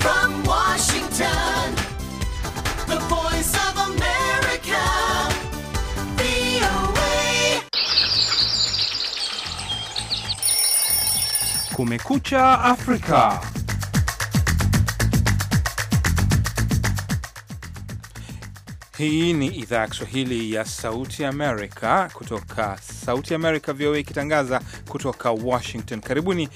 from Washington, the voice of America, VOA. Kumekucha Afrika. Hii ni idhaa ya Kiswahili ya Sauti Amerika kutoka Sauti Amerika VOA ikitangaza kutoka Washington. Karibuni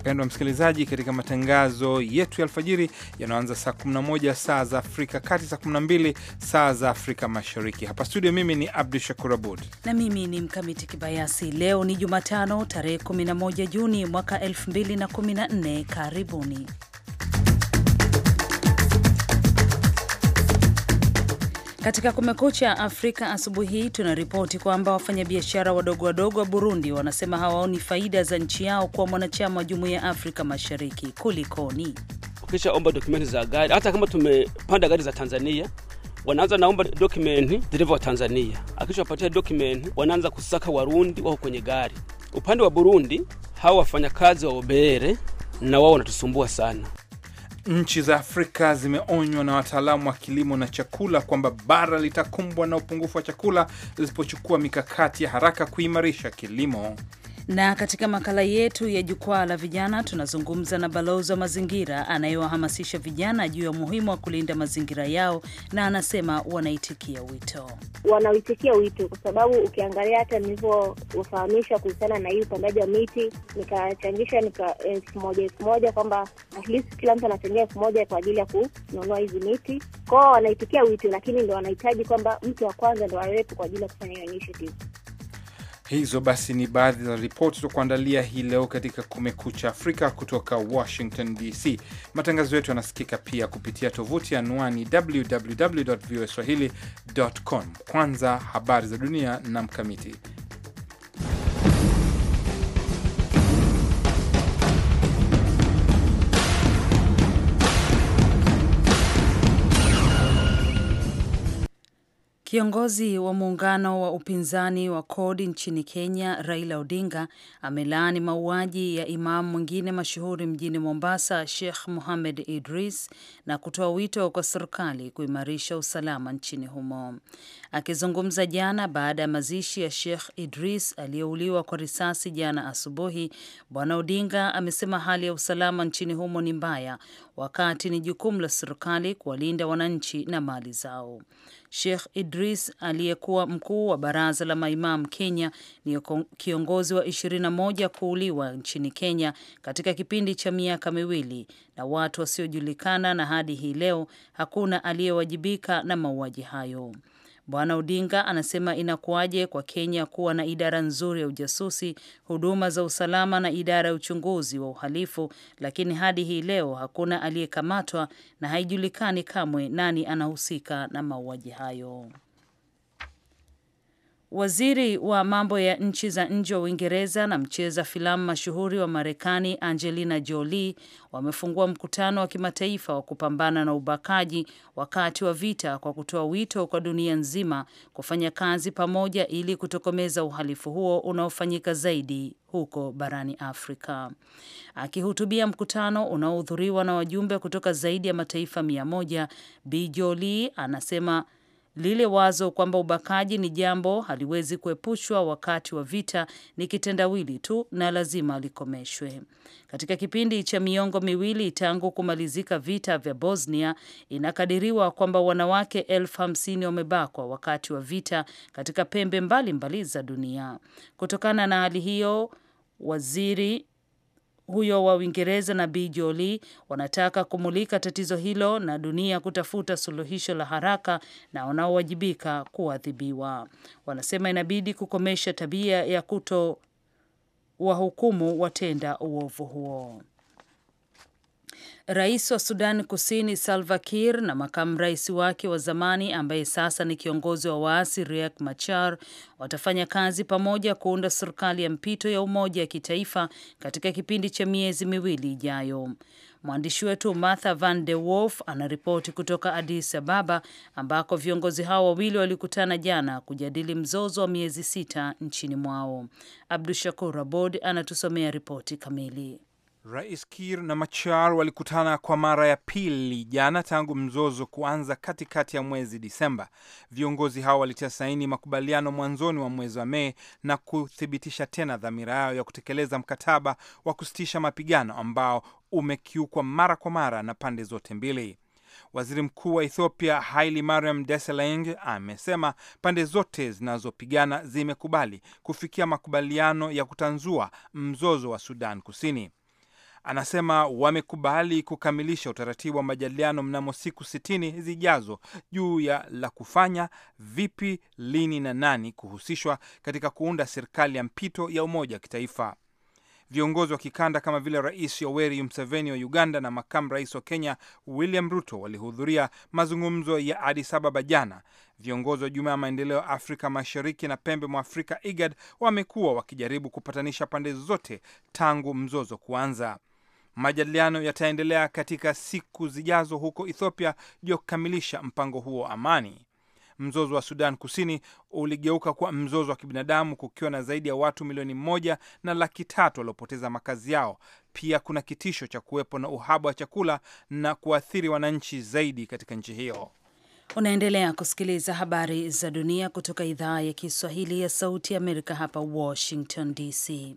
Mpendwa msikilizaji, katika matangazo yetu ya alfajiri yanaanza saa 11 saa za Afrika kati, saa 12 saa za Afrika Mashariki. Hapa studio, mimi ni Abdu Shakur Abud na mimi ni Mkamiti Kibayasi. Leo ni Jumatano, tarehe 11 Juni mwaka 2014. Karibuni. Katika Kumekucha Afrika asubuhi hii tunaripoti kwamba wafanyabiashara wadogo wadogo wa Burundi wanasema hawaoni faida za nchi yao kuwa mwanachama wa Jumuiya ya Afrika Mashariki. Kulikoni? Kisha omba dokumenti za gari, hata kama tumepanda gari za Tanzania wanaanza naomba dokumenti dereva wa Tanzania, akishawapatia dokumenti wanaanza kusaka Warundi wao kwenye gari. Upande wa Burundi hawa wafanyakazi wa obere na wao wanatusumbua sana. Nchi za Afrika zimeonywa na wataalamu wa kilimo na chakula kwamba bara litakumbwa na upungufu wa chakula lisipochukua mikakati ya haraka kuimarisha kilimo. Na katika makala yetu ya jukwaa la vijana tunazungumza na balozi wa mazingira anayewahamasisha vijana juu ya umuhimu wa kulinda mazingira yao, na anasema wanaitikia wito, wanaitikia wito kwa sababu ukiangalia hata nilivyofahamisha kuhusiana na hii upandaji wa miti, nikachangisha nika elfu moja elfu moja kwamba at least kila mtu anachangia elfu moja kwa ajili ya kununua hizi miti kwao, wanaitikia wito, lakini ndo wanahitaji kwamba mtu wa kwanza ndo awepo kwa ajili ya kufanya hiyo initiative. Hizo basi ni baadhi za ripoti za kuandalia hii leo katika Kumekucha Afrika kutoka Washington DC. Matangazo yetu yanasikika pia kupitia tovuti anwani www voa swahili com. Kwanza habari za dunia na Mkamiti. Kiongozi wa muungano wa upinzani wa kodi nchini Kenya, Raila Odinga, amelaani mauaji ya imamu mwingine mashuhuri mjini Mombasa, Sheikh muhamed Idris, na kutoa wito kwa serikali kuimarisha usalama nchini humo. Akizungumza jana baada ya mazishi ya Sheikh Idris aliyeuliwa kwa risasi jana asubuhi, Bwana Odinga amesema hali ya usalama nchini humo ni mbaya, wakati ni jukumu la serikali kuwalinda wananchi na mali zao. Sheikh Idris aliyekuwa mkuu wa baraza la maimam Kenya ni kiongozi wa 21 kuuliwa nchini Kenya katika kipindi cha miaka miwili na watu wasiojulikana, na hadi hii leo hakuna aliyewajibika na mauaji hayo. Bwana Odinga anasema inakuwaje kwa Kenya kuwa na idara nzuri ya ujasusi, huduma za usalama na idara ya uchunguzi wa uhalifu, lakini hadi hii leo hakuna aliyekamatwa na haijulikani kamwe nani anahusika na mauaji hayo. Waziri wa mambo ya nchi za nje wa Uingereza na mcheza filamu mashuhuri wa Marekani Angelina Jolie wamefungua mkutano wa kimataifa wa kupambana na ubakaji wakati wa vita kwa kutoa wito kwa dunia nzima kufanya kazi pamoja ili kutokomeza uhalifu huo unaofanyika zaidi huko barani Afrika. Akihutubia mkutano unaohudhuriwa na wajumbe kutoka zaidi ya mataifa mia moja, Bi Jolie anasema lile wazo kwamba ubakaji ni jambo haliwezi kuepushwa wakati wa vita ni kitendawili tu na lazima likomeshwe. Katika kipindi cha miongo miwili tangu kumalizika vita vya Bosnia, inakadiriwa kwamba wanawake elfu hamsini wamebakwa wakati wa vita katika pembe mbalimbali mbali za dunia. Kutokana na hali hiyo, waziri huyo wa Uingereza na Bi Jolie wanataka kumulika tatizo hilo na dunia kutafuta suluhisho la haraka na wanaowajibika kuadhibiwa. Wanasema inabidi kukomesha tabia ya kuto wahukumu watenda uovu huo. Rais wa Sudan Kusini Salva Kiir na makamu rais wake wa zamani ambaye sasa ni kiongozi wa waasi Riek Machar watafanya kazi pamoja kuunda serikali ya mpito ya umoja wa kitaifa katika kipindi cha miezi miwili ijayo. Mwandishi wetu Martha Van de Wolf anaripoti kutoka Addis Ababa ambako viongozi hao wawili walikutana jana kujadili mzozo wa miezi sita nchini mwao. Abdu Shakur Abod anatusomea ripoti kamili. Rais Kiir na Machar walikutana kwa mara ya pili jana tangu mzozo kuanza katikati ya mwezi Disemba. Viongozi hao walitia saini makubaliano mwanzoni wa mwezi wa Mei na kuthibitisha tena dhamira yao ya kutekeleza mkataba wa kusitisha mapigano ambao umekiukwa mara kwa mara na pande zote mbili. Waziri Mkuu wa Ethiopia Haile Mariam Desalegn amesema pande zote zinazopigana zimekubali kufikia makubaliano ya kutanzua mzozo wa Sudan Kusini anasema wamekubali kukamilisha utaratibu wa majadiliano mnamo siku sitini zijazo juu ya la kufanya vipi, lini na nani kuhusishwa katika kuunda serikali ya mpito ya umoja wa kitaifa. Viongozi wa kikanda kama vile Rais Yoweri Museveni wa Uganda na makamu rais wa Kenya William Ruto walihudhuria mazungumzo ya Addis Ababa jana. Viongozi wa Jumuiya ya Maendeleo ya Afrika Mashariki na Pembe mwa Afrika IGAD wamekuwa wakijaribu kupatanisha pande zote tangu mzozo kuanza. Majadiliano yataendelea katika siku zijazo huko Ethiopia juu ya kukamilisha mpango huo wa amani. Mzozo wa Sudan Kusini uligeuka kuwa mzozo wa kibinadamu kukiwa na zaidi ya watu milioni moja na laki tatu waliopoteza makazi yao. Pia kuna kitisho cha kuwepo na uhaba wa chakula na kuathiri wananchi zaidi katika nchi hiyo. Unaendelea kusikiliza habari za dunia kutoka idhaa ya Kiswahili ya Sauti ya Amerika hapa Washington DC.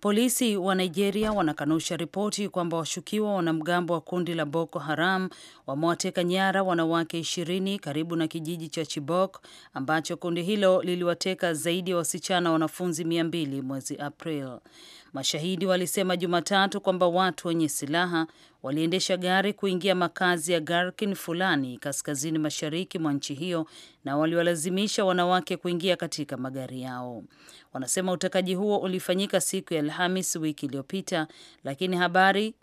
Polisi wa Nigeria wanakanusha ripoti kwamba washukiwa wanamgambo wa kundi la Boko Haram wamewateka nyara wanawake ishirini karibu na kijiji cha Chibok ambacho kundi hilo liliwateka zaidi ya wasichana wanafunzi mia mbili mwezi April. Mashahidi walisema Jumatatu kwamba watu wenye silaha waliendesha gari kuingia makazi ya Garkin fulani kaskazini mashariki mwa nchi hiyo na waliwalazimisha wanawake kuingia katika magari yao. Wanasema utekaji huo ulifanyika siku ya Alhamis wiki iliyopita, lakini habari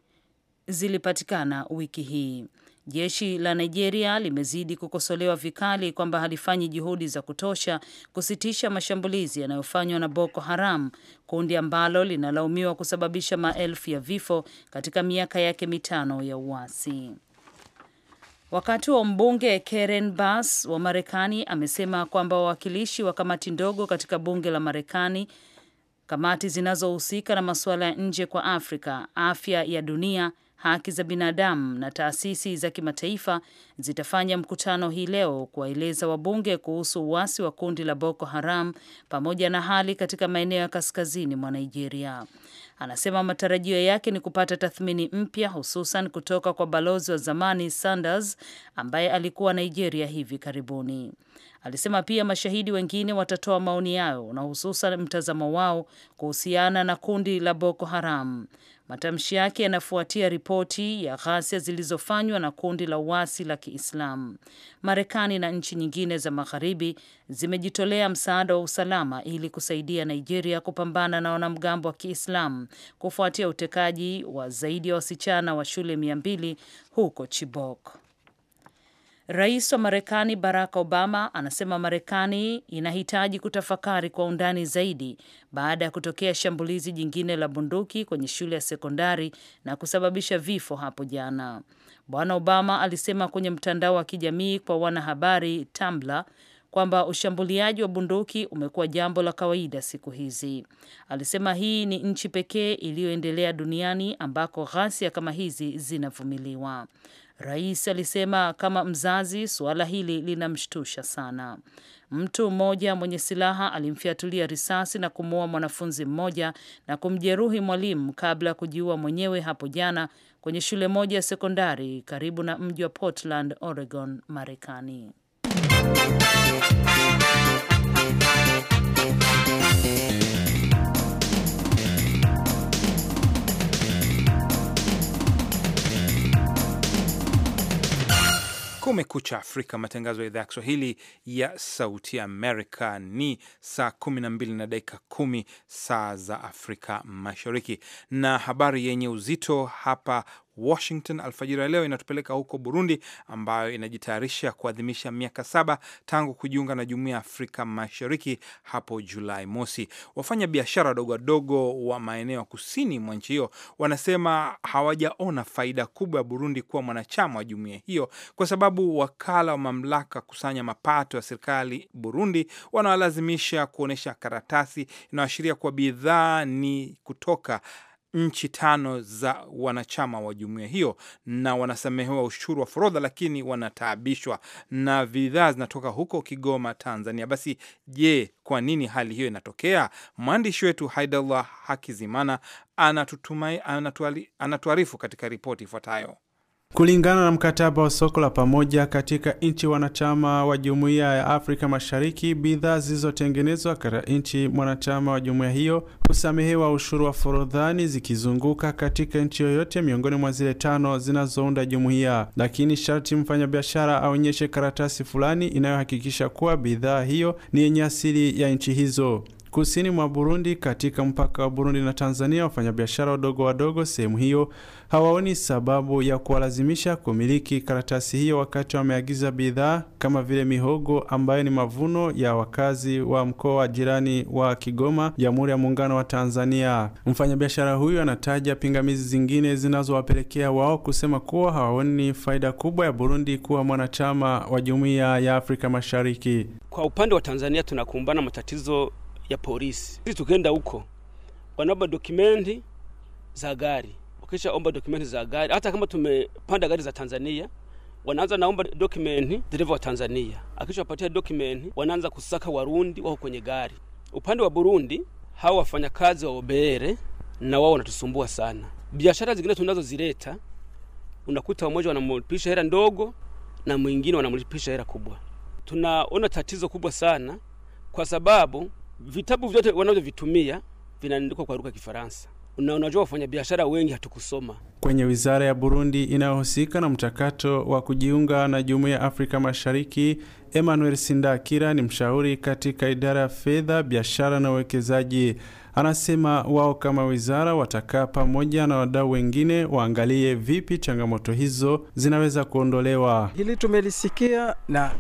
zilipatikana wiki hii. Jeshi la Nigeria limezidi kukosolewa vikali kwamba halifanyi juhudi za kutosha kusitisha mashambulizi yanayofanywa na Boko Haram, kundi ambalo linalaumiwa kusababisha maelfu ya vifo katika miaka yake mitano ya uasi. Wakati wa mbunge Karen Bass wa Marekani amesema kwamba wawakilishi wa kamati ndogo katika bunge la Marekani, kamati zinazohusika na masuala ya nje kwa Afrika, afya ya dunia haki za binadamu na taasisi za kimataifa zitafanya mkutano hii leo kuwaeleza wabunge kuhusu uasi wa kundi la Boko Haram pamoja na hali katika maeneo ya kaskazini mwa Nigeria. Anasema matarajio yake ni kupata tathmini mpya hususan kutoka kwa balozi wa zamani Sanders ambaye alikuwa Nigeria hivi karibuni. Alisema pia mashahidi wengine watatoa maoni yao na hususan mtazamo wao kuhusiana na kundi la Boko Haram. Matamshi yake yanafuatia ripoti ya ghasia zilizofanywa na kundi la uasi la Kiislamu. Marekani na nchi nyingine za magharibi zimejitolea msaada wa usalama ili kusaidia Nigeria kupambana na wanamgambo wa Kiislamu kufuatia utekaji wa zaidi ya wasichana wa shule mia mbili huko Chibok. Rais wa Marekani Barack Obama anasema Marekani inahitaji kutafakari kwa undani zaidi baada ya kutokea shambulizi jingine la bunduki kwenye shule ya sekondari na kusababisha vifo hapo jana. Bwana Obama alisema kwenye mtandao wa kijamii kwa wanahabari Tumblr kwamba ushambuliaji wa bunduki umekuwa jambo la kawaida siku hizi. Alisema hii ni nchi pekee iliyoendelea duniani ambako ghasia kama hizi zinavumiliwa. Rais alisema kama mzazi, suala hili linamshtusha sana. Mtu mmoja mwenye silaha alimfiatulia risasi na kumuua mwanafunzi mmoja na kumjeruhi mwalimu kabla ya kujiua mwenyewe hapo jana kwenye shule moja ya sekondari karibu na mji wa Portland, Oregon, Marekani. Kumekucha Afrika, matangazo ya idhaa ya Kiswahili ya Sauti Amerika. Ni saa kumi na dakika kumi saa za Afrika Mashariki, na habari yenye uzito hapa Washington alfajiri ya leo inatupeleka huko Burundi, ambayo inajitayarisha kuadhimisha miaka saba tangu kujiunga na jumuiya ya Afrika Mashariki hapo Julai mosi. Wafanya biashara wadogo wadogo wa maeneo ya kusini mwa nchi hiyo wanasema hawajaona faida kubwa ya Burundi kuwa mwanachama wa jumuiya hiyo, kwa sababu wakala wa mamlaka kusanya mapato ya serikali Burundi wanawalazimisha kuonyesha karatasi inayoashiria kuwa bidhaa ni kutoka nchi tano za wanachama wa jumuiya hiyo, na wanasamehewa ushuru wa forodha, lakini wanataabishwa na bidhaa zinatoka huko Kigoma, Tanzania. Basi je, kwa nini hali hiyo inatokea? Mwandishi wetu Haidallah Hakizimana anatuarifu katika ripoti ifuatayo. Kulingana na mkataba wa soko la pamoja katika nchi wanachama wa jumuiya ya Afrika Mashariki, bidhaa zilizotengenezwa katika nchi mwanachama wa jumuiya hiyo husamehewa ushuru wa forodhani zikizunguka katika nchi yoyote miongoni mwa zile tano zinazounda jumuiya, lakini sharti mfanyabiashara aonyeshe karatasi fulani inayohakikisha kuwa bidhaa hiyo ni yenye asili ya nchi hizo kusini mwa Burundi, katika mpaka wa Burundi na Tanzania. Wafanyabiashara wadogo wadogo sehemu hiyo hawaoni sababu ya kuwalazimisha kumiliki karatasi hiyo wakati wameagiza bidhaa kama vile mihogo ambayo ni mavuno ya wakazi wa mkoa wa jirani wa Kigoma, Jamhuri ya Muungano wa Tanzania. Mfanyabiashara huyu anataja pingamizi zingine zinazowapelekea wao kusema kuwa hawaoni faida kubwa ya Burundi kuwa mwanachama wa Jumuiya ya Afrika Mashariki. Kwa upande wa Tanzania tunakumbana matatizo ya polisi. Sisi tukenda huko wanaomba dokumenti za gari, ukisha omba dokumenti za gari, hata kama tumepanda gari za Tanzania wanaanza naomba dokumenti dereva wa Tanzania. Akisha Akishapatia dokumenti, wanaanza kusaka warundi wao kwenye gari. Upande wa Burundi, hawa wafanyakazi wa obere na wao wanatusumbua sana. Biashara zingine tunazozileta unakuta mmoja wanamlipisha hela ndogo na mwingine wanamlipisha hela kubwa. Tunaona tatizo kubwa sana, kwa sababu vitabu vyote wanavyovitumia vinaandikwa kwa lugha ya Kifaransa na unajua wafanyabiashara wengi hatukusoma. Kwenye wizara ya Burundi inayohusika na mchakato wa kujiunga na jumuiya ya Afrika Mashariki, Emmanuel Sindakira ni mshauri katika idara ya fedha, biashara na uwekezaji. Anasema wao kama wizara watakaa pamoja na wadau wengine waangalie vipi changamoto hizo zinaweza kuondolewa. Hili tumelisikia na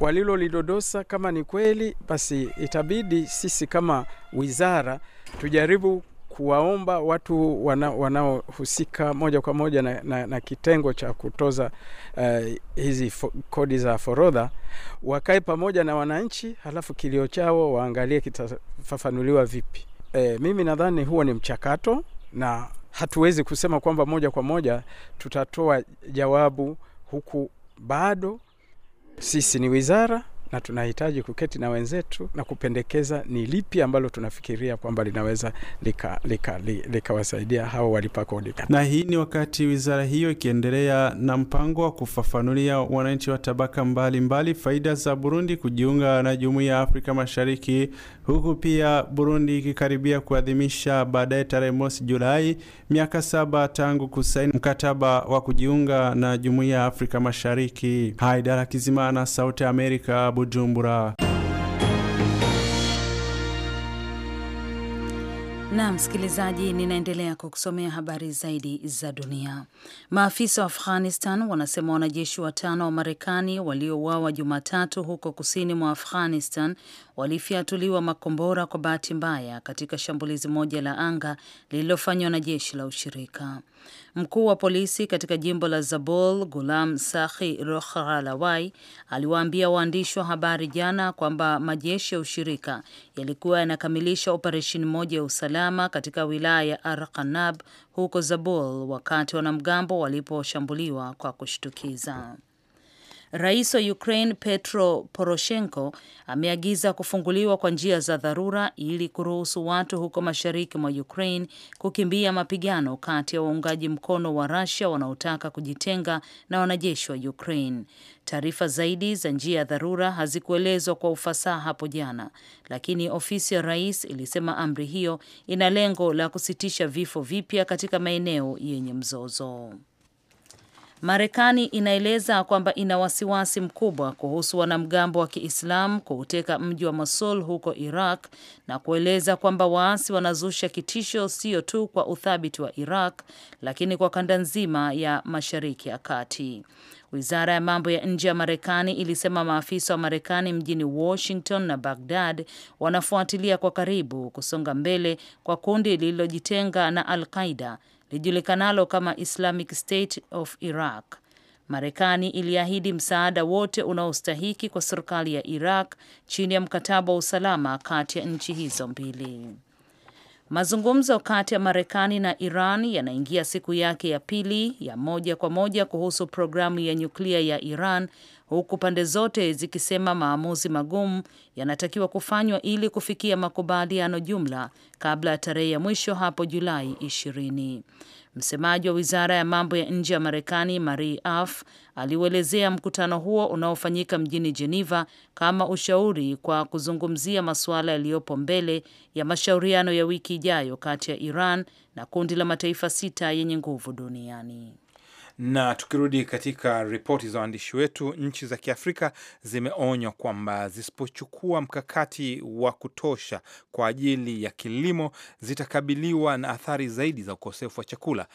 walilolidodosa kama ni kweli, basi itabidi sisi kama wizara tujaribu kuwaomba watu wanaohusika wana moja kwa moja na, na, na kitengo cha kutoza uh, hizi fo, kodi za forodha wakae pamoja na wananchi, halafu kilio chao waangalie kitafafanuliwa vipi. E, mimi nadhani huo ni mchakato na hatuwezi kusema kwamba moja kwa moja tutatoa jawabu huku bado Sisi ni wizara na tunahitaji kuketi na wenzetu na kupendekeza ni lipi ambalo tunafikiria kwamba linaweza likawasaidia lika, lika hao walipa kodi. Na hii ni wakati wizara hiyo ikiendelea na mpango wa kufafanulia wananchi wa tabaka mbalimbali mbali faida za Burundi kujiunga na Jumuiya ya Afrika Mashariki, huku pia Burundi ikikaribia kuadhimisha baadaye tarehe mosi Julai miaka saba tangu kusaini mkataba wa kujiunga na Jumuiya ya Afrika Mashariki. Haidara Kizimana, Sauti ya Amerika. Bujumbura Na msikilizaji, ninaendelea kukusomea habari zaidi za dunia. Maafisa wa Afghanistan wanasema wanajeshi watano wa Marekani waliouawa Jumatatu huko kusini mwa Afghanistan walifyatuliwa makombora kwa bahati mbaya katika shambulizi moja la anga lililofanywa na jeshi la ushirika. Mkuu wa polisi katika jimbo la Zabul, Gulam Sahi Rohralawai, aliwaambia waandishi wa habari jana kwamba majeshi ya ushirika yalikuwa yanakamilisha operesheni moja ya usalama usalama katika wilaya ya arqanab huko Zabul wakati wanamgambo waliposhambuliwa kwa kushtukiza. Rais wa Ukraine Petro Poroshenko ameagiza kufunguliwa kwa njia za dharura ili kuruhusu watu huko mashariki mwa Ukraine kukimbia mapigano kati ya waungaji mkono wa Russia wanaotaka kujitenga na wanajeshi wa Ukraine. Taarifa zaidi za njia ya dharura hazikuelezwa kwa ufasaha hapo jana, lakini ofisi ya rais ilisema amri hiyo ina lengo la kusitisha vifo vipya katika maeneo yenye mzozo. Marekani inaeleza kwamba ina wasiwasi mkubwa kuhusu wanamgambo wa Kiislamu kuuteka mji wa Mosul huko Iraq na kueleza kwamba waasi wanazusha kitisho sio tu kwa uthabiti wa Iraq lakini kwa kanda nzima ya Mashariki ya Kati. Wizara ya mambo ya nje ya Marekani ilisema maafisa wa Marekani mjini Washington na Bagdad wanafuatilia kwa karibu kusonga mbele kwa kundi lililojitenga na Al Qaida lijulikanalo kama Islamic State of Iraq. Marekani iliahidi msaada wote unaostahiki kwa serikali ya Iraq chini ya mkataba wa usalama kati ya nchi hizo mbili. Mazungumzo kati ya Marekani na Iran yanaingia siku yake ya pili ya moja kwa moja kuhusu programu ya nyuklia ya Iran, huku pande zote zikisema maamuzi magumu yanatakiwa kufanywa ili kufikia makubaliano jumla kabla ya tarehe ya mwisho hapo Julai ishirini. Msemaji wa wizara ya mambo ya nje ya Marekani Marie af aliuelezea mkutano huo unaofanyika mjini Geneva kama ushauri kwa kuzungumzia masuala yaliyopo mbele ya mashauriano ya wiki ijayo kati ya Iran na kundi la mataifa sita yenye nguvu duniani. Na tukirudi katika ripoti za waandishi wetu, nchi za Kiafrika zimeonywa kwamba zisipochukua mkakati wa kutosha kwa ajili ya kilimo zitakabiliwa na athari zaidi za ukosefu wa chakula.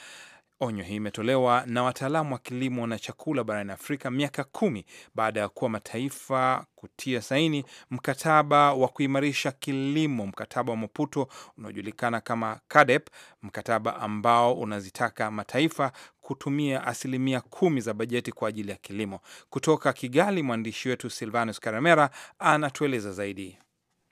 Onyo hii imetolewa na wataalamu wa kilimo na chakula barani Afrika miaka kumi baada ya kuwa mataifa kutia saini mkataba wa kuimarisha kilimo, mkataba wa Maputo unaojulikana kama CADEP, mkataba ambao unazitaka mataifa kutumia asilimia kumi za bajeti kwa ajili ya kilimo. Kutoka Kigali, mwandishi wetu Silvanus Karamera anatueleza zaidi.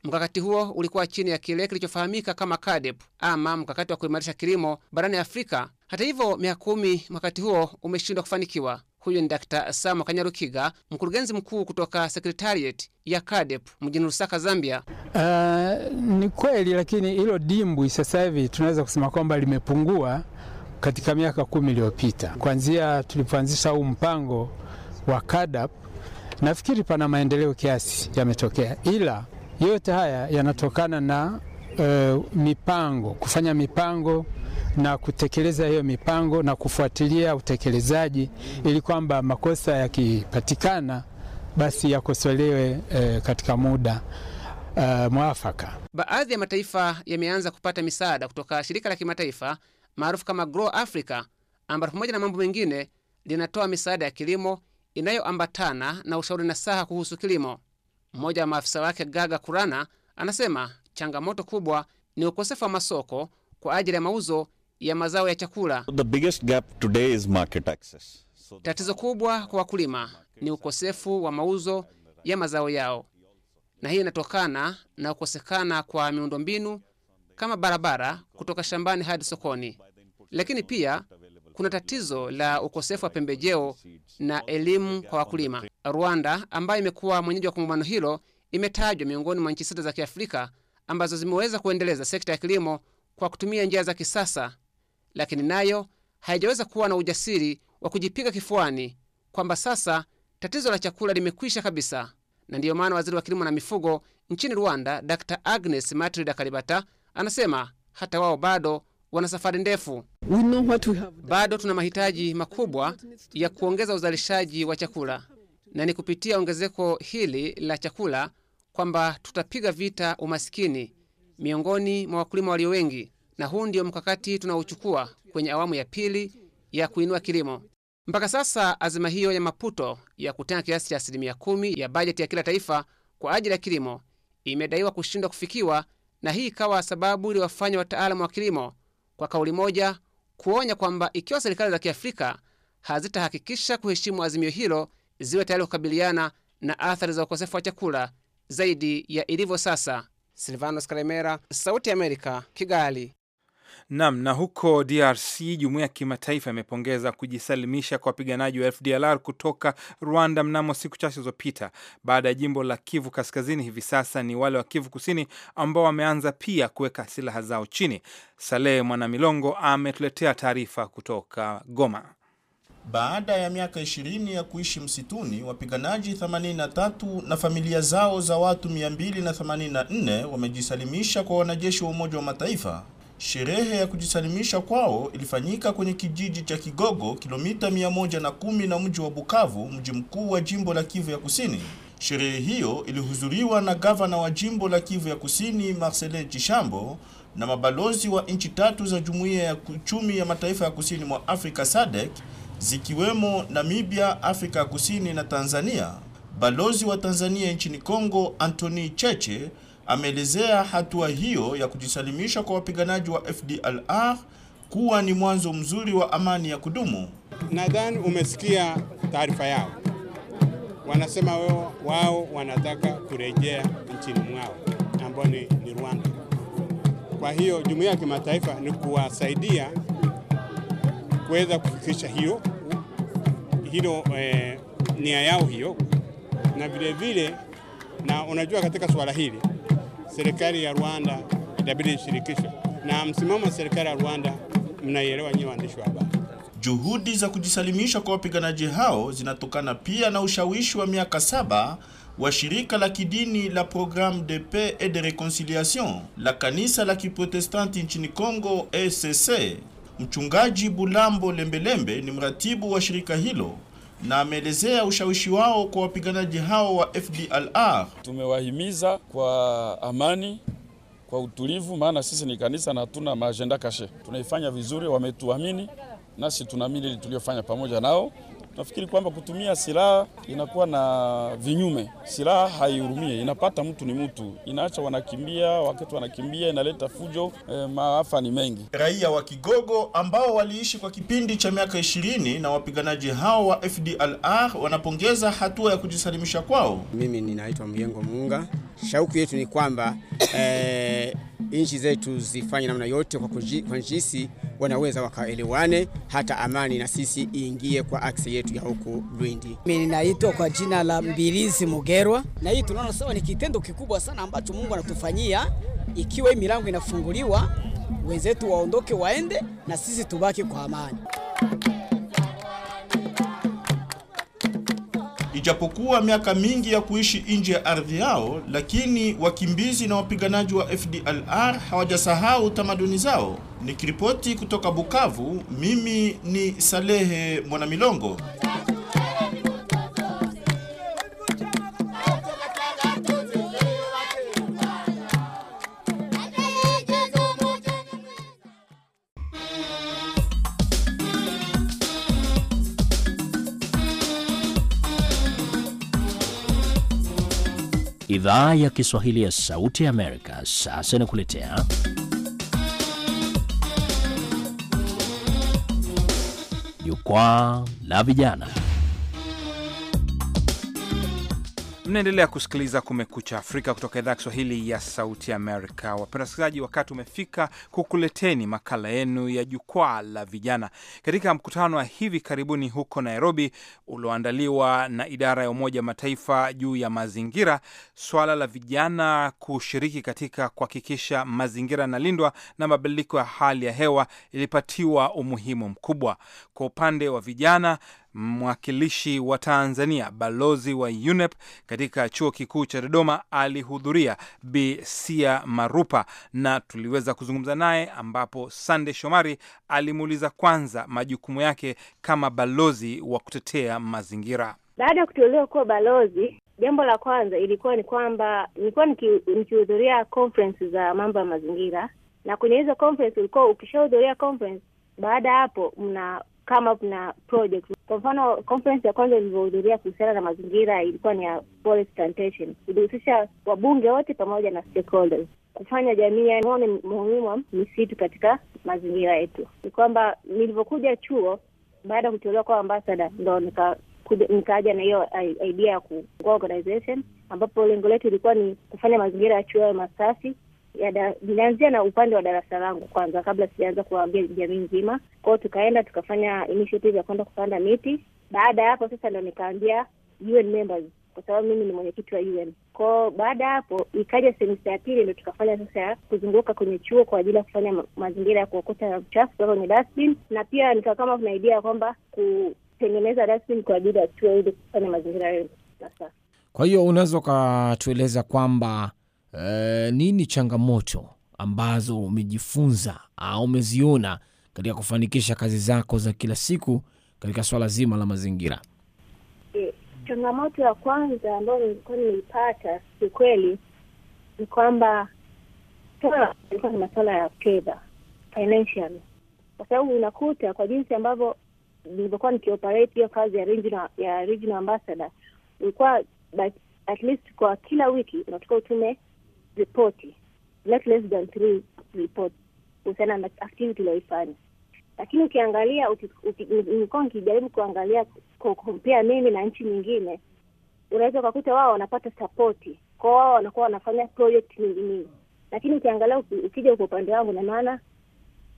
Mkakati huo ulikuwa chini ya kile kilichofahamika kama CADEP ama mkakati wa kuimarisha kilimo barani Afrika. Hata hivyo, miaka kumi mkakati huo umeshindwa kufanikiwa. Huyu ni Dr Sam Kanyarukiga, mkurugenzi mkuu kutoka sekretariat ya CADEP mjini Lusaka, Zambia. Uh, ni kweli, lakini hilo dimbwi sasa hivi tunaweza kusema kwamba limepungua katika miaka kumi iliyopita, kuanzia tulipoanzisha huu mpango wa CADAP, nafikiri pana maendeleo kiasi yametokea, ila yote haya yanatokana na e, mipango, kufanya mipango na kutekeleza hiyo mipango na kufuatilia utekelezaji, ili kwamba makosa yakipatikana basi yakosolewe e, katika muda e, mwafaka. Baadhi ya mataifa yameanza kupata misaada kutoka shirika la kimataifa maarufu kama Grow Africa, ambalo pamoja na mambo mengine linatoa misaada ya kilimo inayoambatana na ushauri na saha kuhusu kilimo. Mmoja wa maafisa wake Gaga Kurana anasema changamoto kubwa ni ukosefu wa masoko kwa ajili ya mauzo ya mazao ya chakula. The biggest gap today is market access. So tatizo kubwa kwa wakulima ni ukosefu wa mauzo ya mazao yao, na hii inatokana na kukosekana kwa miundombinu kama barabara kutoka shambani hadi sokoni. Lakini pia kuna tatizo la ukosefu wa pembejeo na elimu kwa wakulima. Rwanda ambayo imekuwa mwenyeji wa kongamano hilo imetajwa miongoni mwa nchi sita za Kiafrika ambazo zimeweza kuendeleza sekta ya kilimo kwa kutumia njia za kisasa, lakini nayo haijaweza kuwa na ujasiri wa kujipiga kifuani kwamba sasa tatizo la chakula limekwisha kabisa. Na ndiyo maana waziri wa kilimo na mifugo nchini Rwanda Dr Agnes Matrida Kalibata Anasema hata wao bado wana safari ndefu. Bado tuna mahitaji makubwa ya kuongeza uzalishaji wa chakula, na ni kupitia ongezeko hili la chakula kwamba tutapiga vita umasikini miongoni mwa wakulima walio wengi, na huu ndio mkakati tunaochukua kwenye awamu ya pili ya kuinua kilimo. Mpaka sasa azima hiyo ya Maputo ya kutenga kiasi cha asilimia kumi ya bajeti ya kila taifa kwa ajili ya kilimo imedaiwa kushindwa kufikiwa na hii ikawa sababu iliwafanya wataalamu wa kilimo kwa kauli moja kuonya kwamba ikiwa serikali za Kiafrika hazitahakikisha kuheshimu azimio hilo, ziwe tayari kukabiliana na athari za ukosefu wa chakula zaidi ya ilivyo sasa. Silvanos Karemera, Sauti ya Amerika, Kigali. Nam. Na huko DRC, jumuiya ya kimataifa imepongeza kujisalimisha kwa wapiganaji wa FDLR kutoka Rwanda mnamo siku chache zilizopita, baada ya jimbo la Kivu Kaskazini. Hivi sasa ni wale wa Kivu Kusini ambao wameanza pia kuweka silaha zao chini. Saleh Mwanamilongo ametuletea taarifa kutoka Goma. Baada ya miaka 20 ya kuishi msituni, wapiganaji 83 na familia zao za watu 284 wamejisalimisha kwa wanajeshi wa Umoja wa Mataifa Sherehe ya kujisalimisha kwao ilifanyika kwenye kijiji cha Kigogo, kilomita 110 na mji wa Bukavu, mji mkuu wa jimbo la Kivu ya Kusini. Sherehe hiyo ilihudhuriwa na gavana wa jimbo la Kivu ya Kusini Marcelin Chishambo na mabalozi wa nchi tatu za Jumuiya ya Uchumi ya Mataifa ya Kusini mwa Afrika SADC zikiwemo Namibia, Afrika ya Kusini na Tanzania. Balozi wa Tanzania nchini Kongo Anthony Cheche ameelezea hatua hiyo ya kujisalimisha kwa wapiganaji wa FDLR kuwa ni mwanzo mzuri wa amani ya kudumu. Nadhani umesikia taarifa yao, wanasema wao, wao wanataka kurejea nchini mwao ambao ni, ni Rwanda. Kwa hiyo jumuiya ya kimataifa ni kuwasaidia kuweza kufikisha hiyo hilo eh, nia yao hiyo, na vilevile, na unajua katika suala hili serikali ya Rwanda itabidi ishirikishwe, na msimamo wa serikali ya Rwanda mnaielewa nyewe, waandishi wa habari. Juhudi za kujisalimisha kwa wapiganaji hao zinatokana pia na ushawishi wa miaka saba wa shirika la kidini la Programme de Paix et de Reconciliation la kanisa la Kiprotestanti nchini Kongo ECC. Mchungaji Bulambo Lembelembe ni mratibu wa shirika hilo na ameelezea ushawishi wao kwa wapiganaji hao wa FDLR. Tumewahimiza kwa amani, kwa utulivu, maana sisi ni kanisa na hatuna maajenda kashe. Tunaifanya vizuri, wametuamini, nasi tunaamini ili tuliofanya pamoja nao. Nafikiri kwamba kutumia silaha inakuwa na vinyume. Silaha haihurumie, inapata mtu ni mtu, inaacha wanakimbia, wakati wanakimbia inaleta fujo e, maafa ni mengi. Raia wa Kigogo ambao waliishi kwa kipindi cha miaka ishirini na wapiganaji hao wa FDLR wanapongeza hatua ya kujisalimisha kwao. Mimi ninaitwa Mjengo Muunga. Shauku yetu ni kwamba eh, nchi zetu zifanye namna yote kwa jinsi wanaweza wakaelewane, hata amani na sisi iingie kwa aksi yetu ya huku Lwindi. Mimi ninaitwa kwa jina la Mbilizi Mugerwa, na hii tunaona sawa ni kitendo kikubwa sana ambacho Mungu anatufanyia. Ikiwa hii milango inafunguliwa, wenzetu waondoke waende na sisi tubaki kwa amani. Ijapokuwa miaka mingi ya kuishi nje ya ardhi yao, lakini wakimbizi na wapiganaji wa FDLR hawajasahau tamaduni zao. Nikiripoti kutoka Bukavu, mimi ni Salehe Mwanamilongo. Idhaa ya Kiswahili ya Sauti Amerika sasa inakuletea jukwaa la vijana. Mnaendelea kusikiliza Kumekucha Afrika kutoka idhaa ya Kiswahili ya Sauti Amerika. Wapenda wasikilizaji, wakati umefika kukuleteni makala yenu ya Jukwaa la Vijana. Katika mkutano wa hivi karibuni huko Nairobi ulioandaliwa na idara ya Umoja Mataifa juu ya mazingira, swala la vijana kushiriki katika kuhakikisha mazingira yanalindwa na mabadiliko ya hali ya hewa ilipatiwa umuhimu mkubwa. Kwa upande wa vijana mwakilishi wa Tanzania, balozi wa UNEP katika chuo kikuu cha Dodoma, alihudhuria Bi Sia Marupa na tuliweza kuzungumza naye, ambapo Sande Shomari alimuuliza kwanza majukumu yake kama balozi wa kutetea mazingira. Baada ya kuteuliwa kuwa balozi, jambo la kwanza ilikuwa ni kwamba nilikuwa nikihudhuria conference za mambo ya mazingira, na kwenye hizo conference ulikuwa ukishahudhuria conference, baada ya hapo mna come up na project. Kwa mfano, conference ya kwanza ilivyohudhuria kuhusiana na mazingira ilikuwa ni ya forest plantation, ilihusisha wabunge wote pamoja na stakeholders kufanya jamii yaone yaani muhimu wa misitu katika mazingira yetu. Ni kwamba nilivyokuja chuo baada ya kutolewa kwa ambasada, ndo nikaja nikaaja na hiyo idea ya ku organization ambapo lengo letu ilikuwa ni kufanya mazingira ya chuo yawe masafi nilianzia na upande wa darasa langu kwanza, kabla sijaanza kuwaambia jamii nzima. Kwao tukaenda tukafanya initiative ya kwenda kupanda miti. Baada ya hapo sasa ndo nikaambia UN members kwa sababu mimi ni mwenyekiti wa UN. Kwao baada ya hapo ikaja semesta ya pili, ndo tukafanya sasa kuzunguka kwenye chuo kwa ajili ya kufanya ma mazingira ya kuokota uchafu kutoka kwenye dustbin, na pia nikawa kama kuna idea ya kwamba kutengeneza dustbin kwa ajili ya chuo ili kufanya mazingira sasa. Kwa hiyo unaweza ukatueleza kwamba e, nini changamoto ambazo umejifunza au umeziona katika kufanikisha kazi zako za kila siku katika swala zima la mazingira? Eh, changamoto ya kwanza ambayo nilikuwa nimeipata kiukweli ni kwamba ilikuwa ni masuala ya fedha financial, kwa sababu unakuta kwa jinsi ambavyo nilivyokuwa nikioperate hiyo kazi ya regional, ya regional ambassador ulikuwa at least kwa kila wiki unatoka utume ripoti not less than three reports kuhusiana na activity uliyoifanya. Lakini ukiangalia nilikuwa nkijaribu kuangalia kukompea mimi na nchi nyingine, unaweza ukakuta wao wanapata sapoti kwao, wao wanakuwa wanafanya project nyingi nyingi, lakini ukiangalia ukija kwa upande wangu, na maana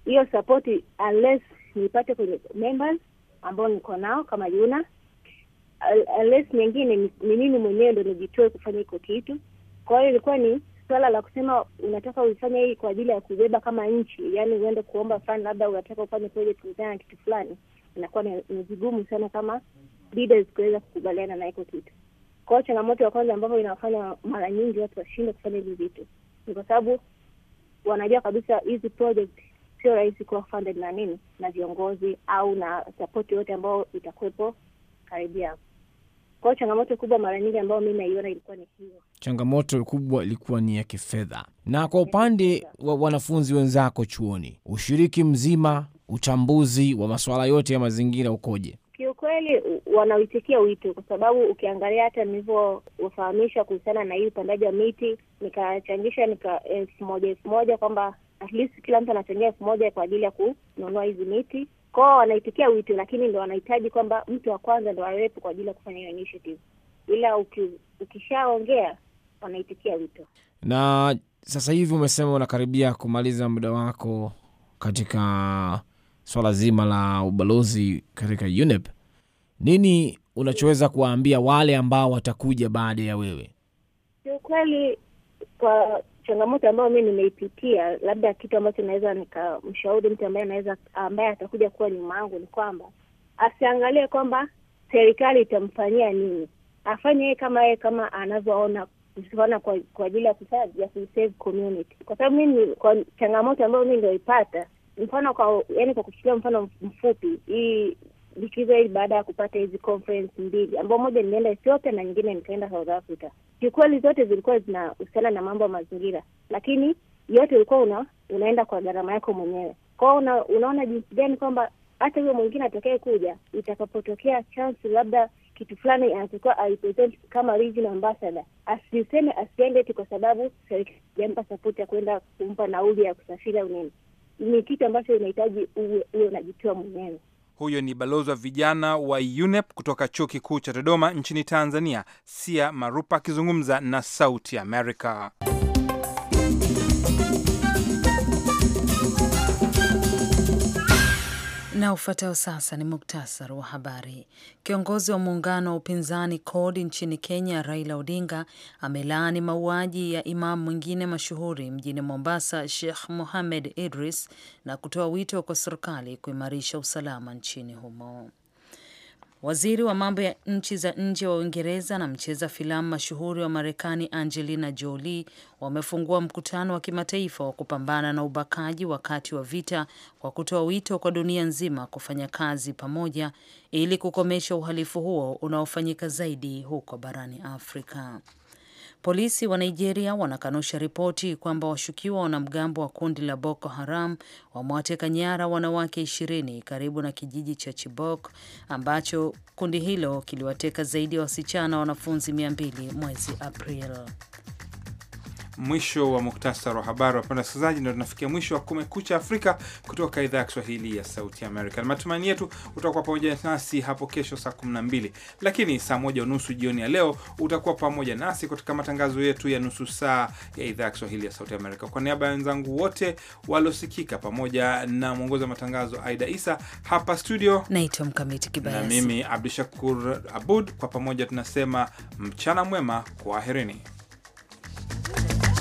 hiyo sapoti unless niipate kwenye members ambao niko nao kama Juna unless nyingine ni mimi mwenyewe ndo nijitoe kufanya hiko kitu. Kwa hiyo ilikuwa ni suala la kusema unataka uifanye hii kwa ajili ya kubeba kama nchi, yani uende kuomba fulani, labda unataka ufanye project kuhusiana na kitu fulani, inakuwa ni vigumu sana kama leaders kuweza kukubaliana na hiko kitu. Kwa hiyo changamoto ya kwanza ambavyo inafanya mara nyingi watu washinde kufanya hivi vitu ni kwa sababu wanajua kabisa hizi project sio rahisi kuwa funded na nini na viongozi au na sapoti yote ambayo itakuwepo karibu yao. Kwa hiyo changamoto kubwa mara nyingi ambayo mi naiona ilikuwa ni hiyo. Changamoto kubwa ilikuwa ni ya kifedha. Na kwa upande wa wanafunzi wenzako chuoni, ushiriki mzima, uchambuzi wa masuala yote ya mazingira ukoje? Kiukweli wanawitikia wito, kwa sababu ukiangalia hata nilivyofahamisha kuhusiana na hii upandaji wa miti, nikachangisha nika elfu moja elfu moja kwamba at least kila mtu anachangia elfu moja kwa ajili ya kununua hizi miti kwao wanaitikia wito, lakini ndo wanahitaji kwamba mtu wa kwanza ndo awepo kwa ajili ya kufanya hiyo initiative, ila ukishaongea wanaitikia wito. Na sasa hivi umesema unakaribia kumaliza muda wako katika swala zima la ubalozi katika UNEP. Nini unachoweza kuwaambia wale ambao watakuja baada ya wewe? Kiukweli, kwa changamoto ambayo mi nimeipitia, labda kitu ambacho naweza nikamshauri mtu ambaye anaweza ambaye atakuja kuwa nyuma yangu ni kwamba asiangalie kwamba serikali itamfanyia nini, afanye yeye kama yeye kama anavyoona kwa kwa ajili ya ya kusave community, kwa sababu mimi kwa changamoto ambayo mi ndioipata, mfano kwa yani, kwa kuchukulia mfano mfupi, hii likizo baada ya kupata hizi conference mbili, ambao moja nilienda Ethiopia na nyingine nikaenda South Africa. Kiukweli zote zilikuwa zinahusiana na mambo ya mazingira, lakini yote ulikuwa una, unaenda kwa gharama yako mwenyewe. kwao una, unaona jinsi gani kwamba hata huyo mwingine atakaye kuja, itakapotokea chance labda kitu fulani anatakiwa aipresent kama regional ambassador, asiseme asiende tu kwa sababu serikali jampa support ya kwenda kumpa nauli ya kusafiri au nini. Ni kitu ambacho inahitaji uwe unajitoa mwenyewe. Huyo ni balozi wa vijana wa UNEP kutoka chuo kikuu cha Dodoma nchini Tanzania, Sia Marupa akizungumza na Sauti Amerika. Na ufuatao sasa ni muktasari wa habari. Kiongozi wa muungano wa upinzani CORD nchini Kenya, Raila Odinga, amelaani mauaji ya imamu mwingine mashuhuri mjini Mombasa, Sheikh Mohamed Idris, na kutoa wito kwa serikali kuimarisha usalama nchini humo. Waziri wa mambo ya nchi za nje wa Uingereza na mcheza filamu mashuhuri wa Marekani Angelina Jolie wamefungua mkutano wa kimataifa wa kupambana na ubakaji wakati wa vita kwa kutoa wito kwa dunia nzima kufanya kazi pamoja ili kukomesha uhalifu huo unaofanyika zaidi huko barani Afrika. Polisi wa Nigeria wanakanusha ripoti kwamba washukiwa wanamgambo wa kundi la Boko Haram wamewateka nyara wanawake ishirini karibu na kijiji cha Chibok ambacho kundi hilo kiliwateka zaidi ya wasichana wanafunzi mia mbili mwezi Aprili. Mwisho wa muktasari wa habari. Wapenda wasikilizaji, ndio tunafikia mwisho wa Kumekucha Afrika kutoka idhaa ya Kiswahili ya Sauti Amerika. Matumaini yetu utakuwa pamoja nasi hapo kesho saa 12, lakini saa moja unusu jioni ya leo utakuwa pamoja nasi katika matangazo yetu ya nusu saa ya idhaa ya Kiswahili ya Sauti Amerika. Kwa niaba ya wenzangu wote waliosikika pamoja na mwongozi wa matangazo Aida Isa hapa studio, naitwa Mkamiti Kibayasi na mimi Abdushakur Abud, kwa pamoja tunasema mchana mwema, kwaherini. Thank you.